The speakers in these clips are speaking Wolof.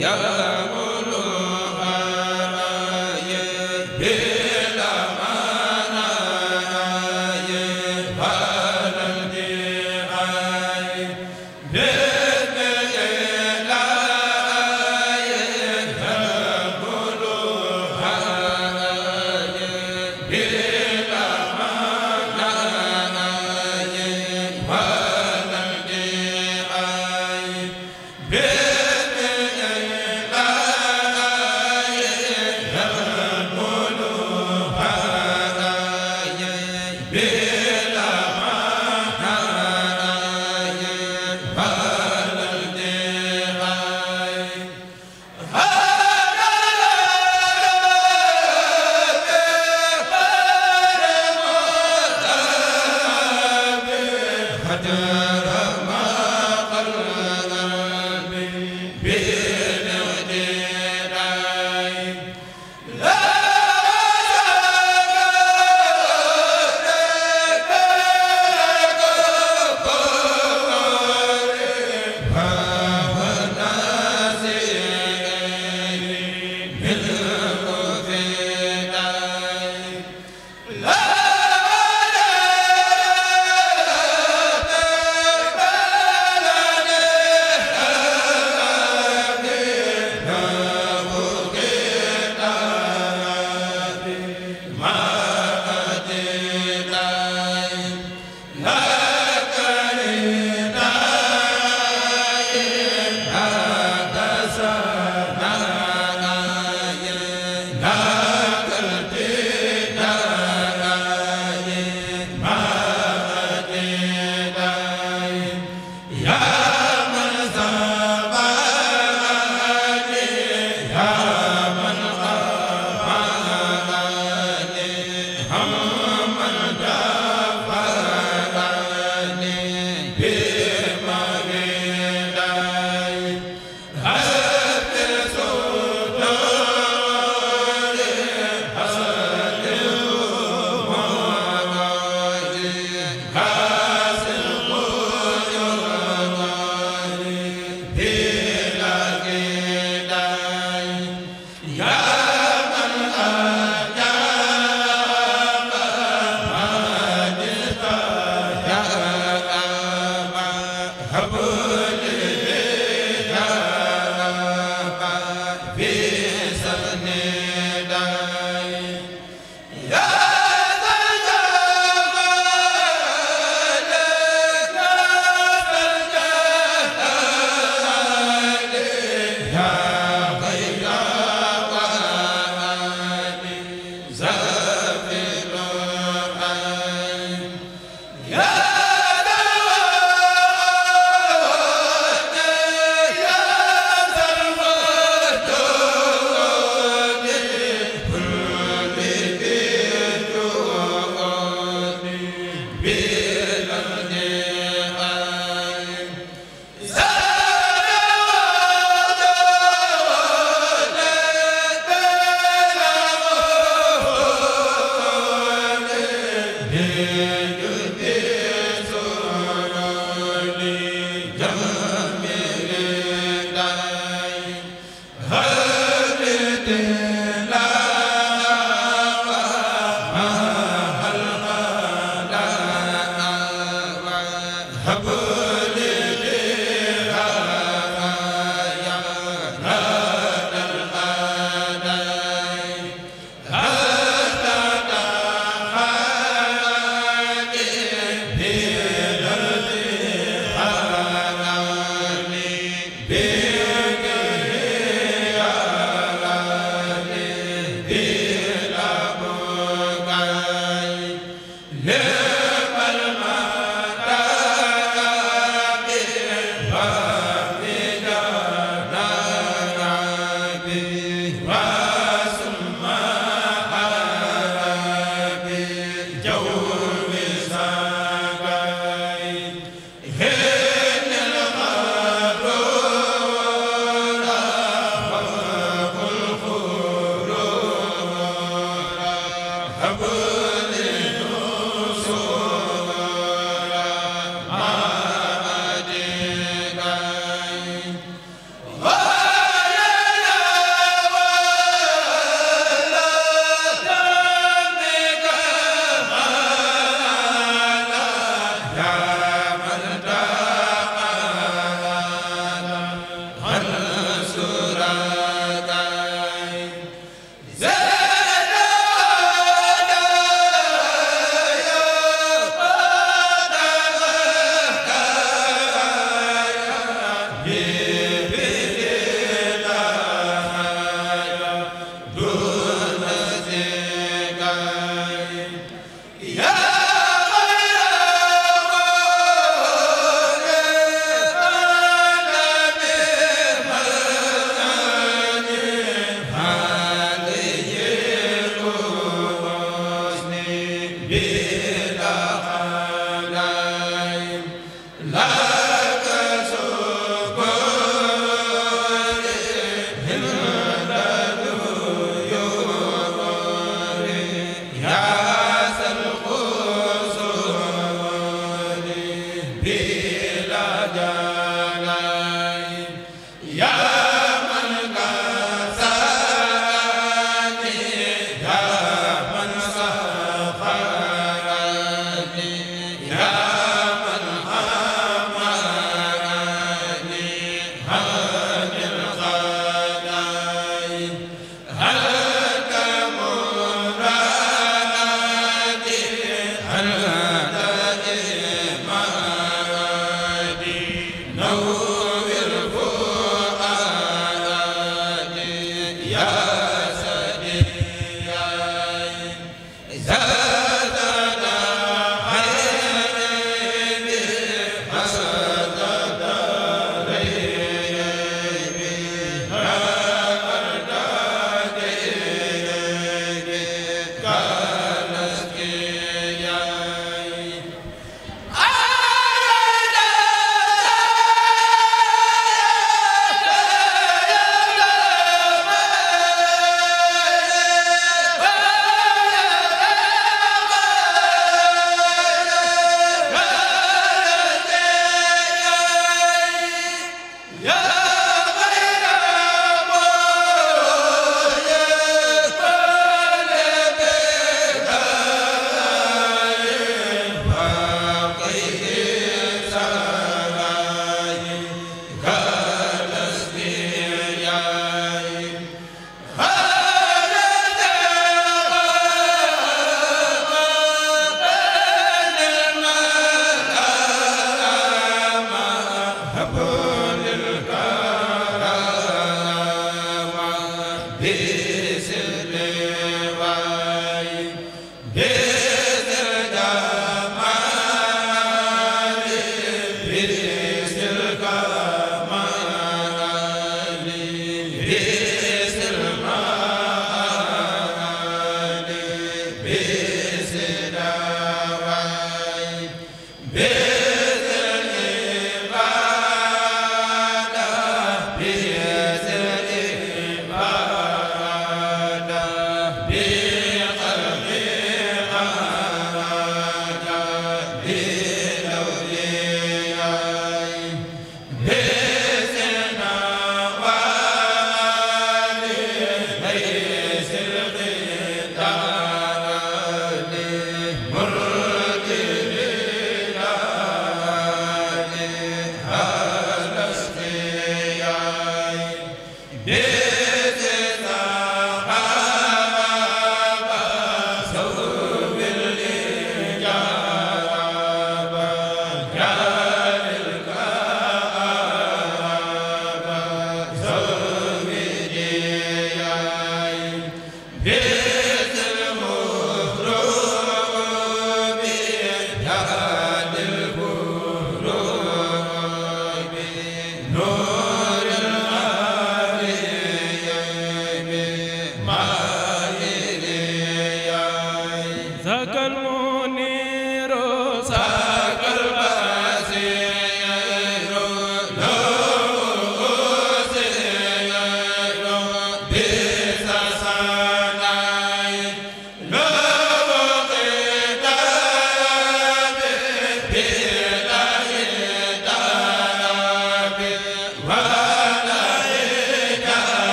ya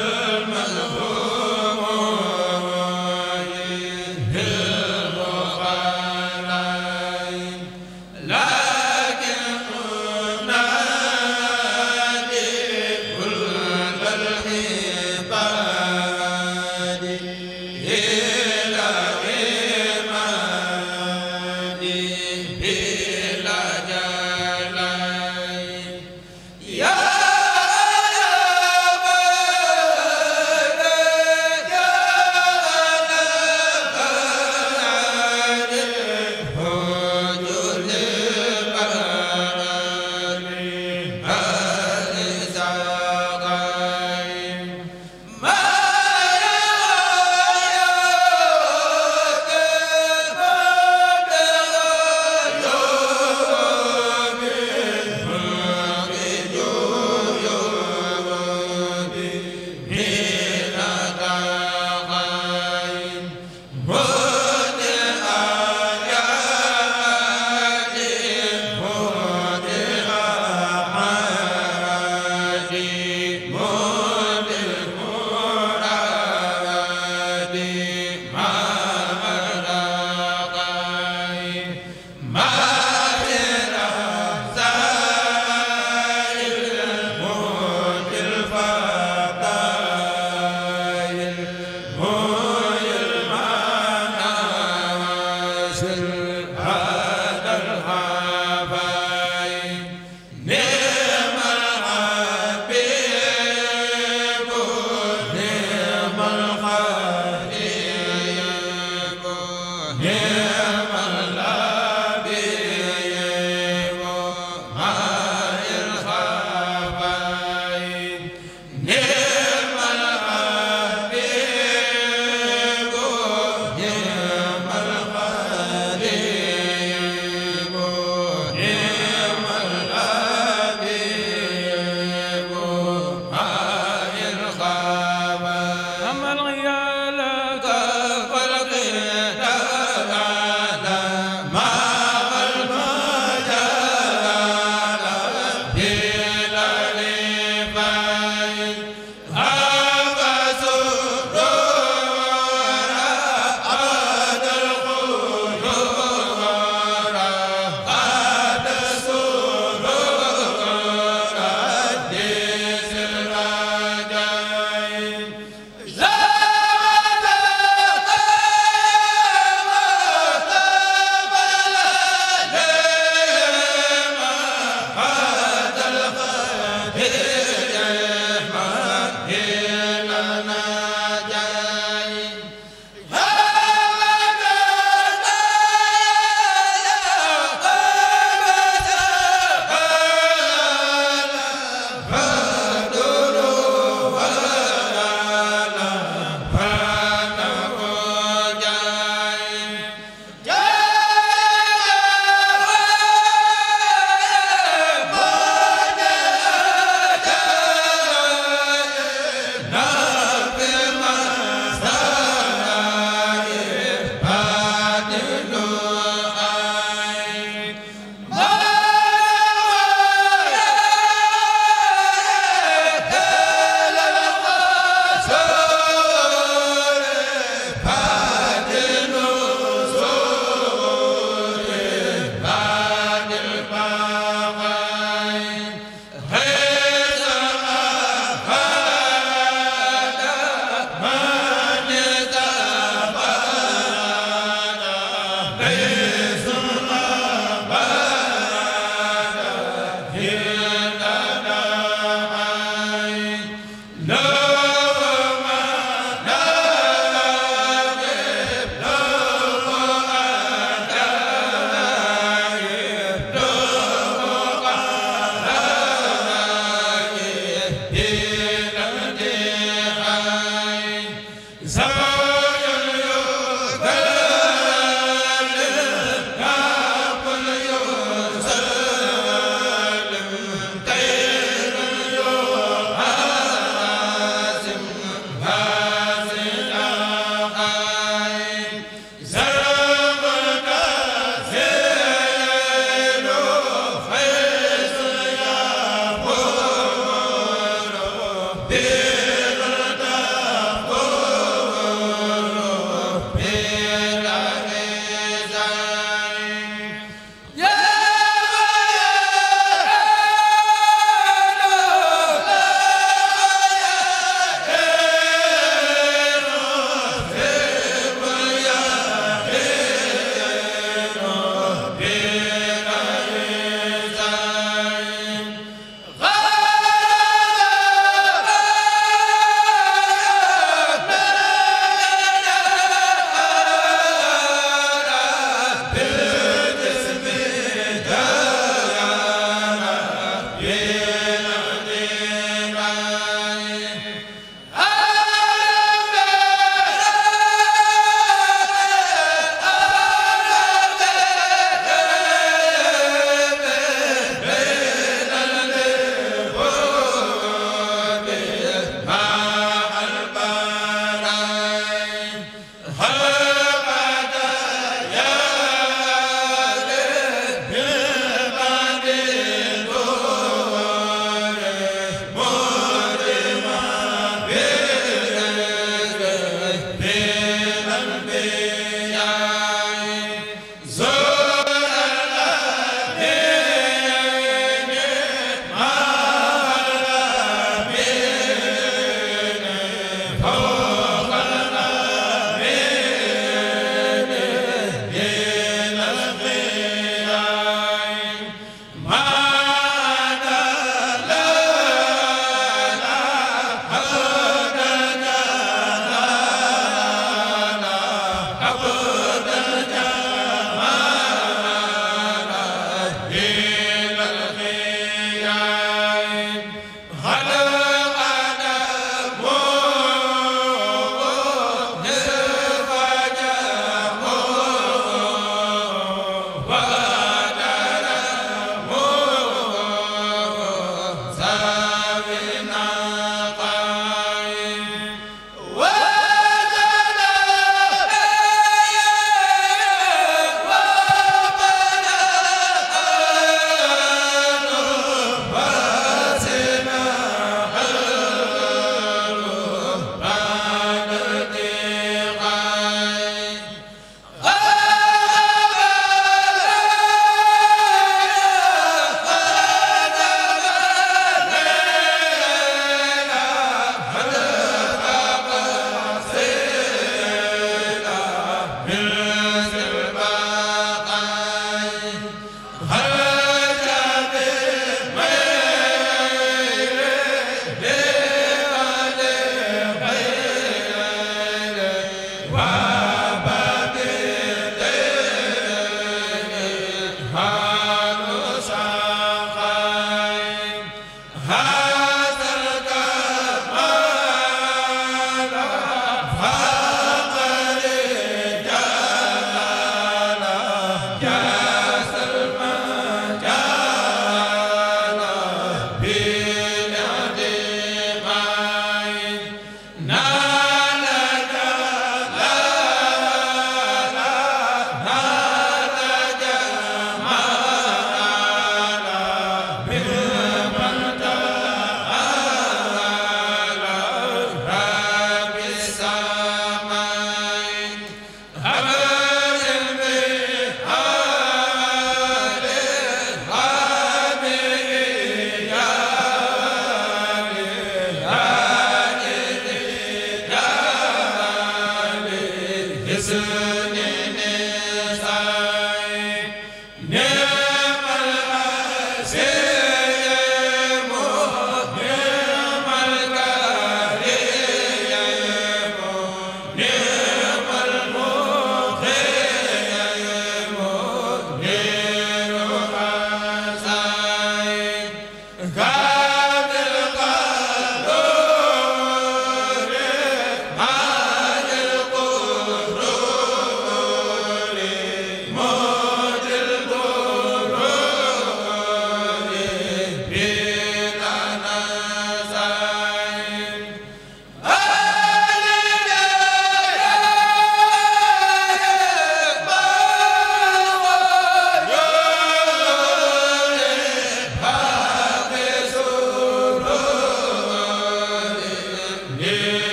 ma